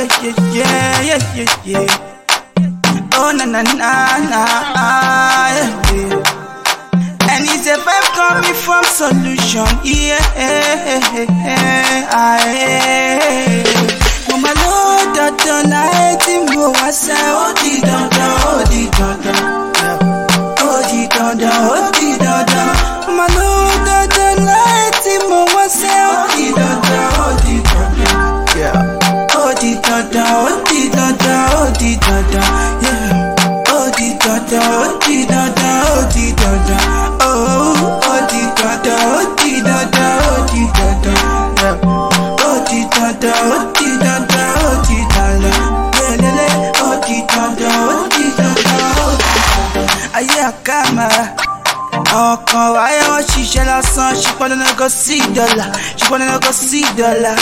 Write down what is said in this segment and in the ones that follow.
yeah, yeah, yeah, yeah, yeah. Oh na na na na, yeah, yeah. And it's a vibe coming from solution, yeah, yeah, yeah, yeah. dada, oh oh oh oh oh oh oh oh oh oh oh oh wáyé wọn ṣiṣẹ́ lásán ṣùgbọ́n dandan kò sí dọ́là ṣùgbọ́n dandan kò sí dọ́là.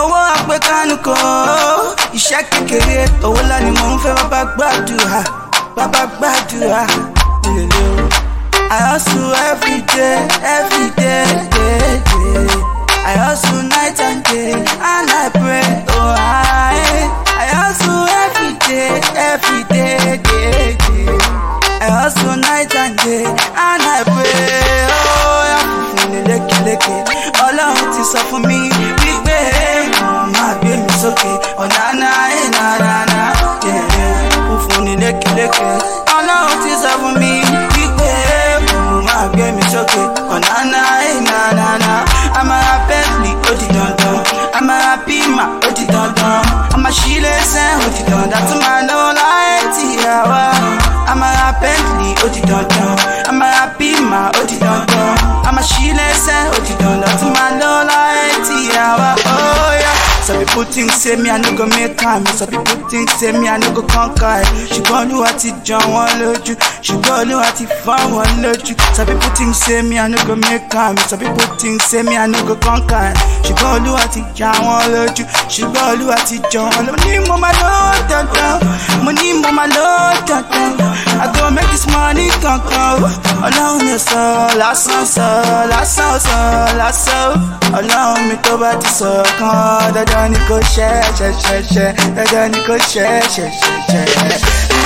owó àpèkánu kan iṣẹ́ kékeré owó ńlá mò ń fẹ́ bàbá gbàdúrà bàbá gbàdúrà lèlè o. I hustle every day, every day, day, day. I hustle night and day, and I pray, oh I. I hustle every day, every day, day, day. I hustle night and day, and I pray, oh yeah. Ọlọ́run ti sọ fún mi. oti dandan. I'm a happy man. oti dandan. I'm a shilese oti dandan. To my lola eti awa oh yeah. Some people think say me I no go make time. Some people think say me I no go conquer. She gone who what it John Want one loju. She gone who what it Want one loju. Some people think say me I no go make time. Some people think say me I no go conquer. She gone who what it John Want one loju. She gone who what it John. Ni mo ma don tell. kankan o. so, mi sọ̀rọ̀ lásán so, lásán so, lásán o. mi tó bá ti so. kan dandan ni kò ṣe ṣẹṣẹṣẹ dandan ni kò ṣe ṣẹṣẹṣẹ.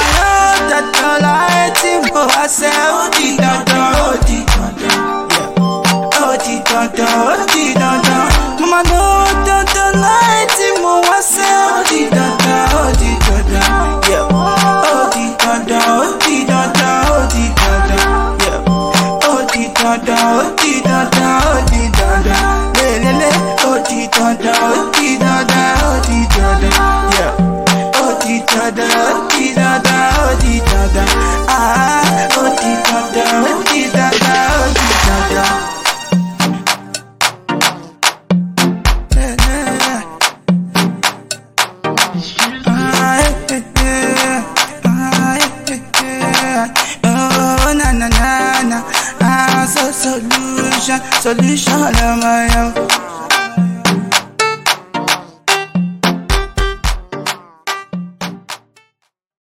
Àlọ́ dandan láyé tí mo wá sẹ́ ó di dandan ó dada, oh da da, oh da da da oh da da, oh da solution, solution, I'm my am.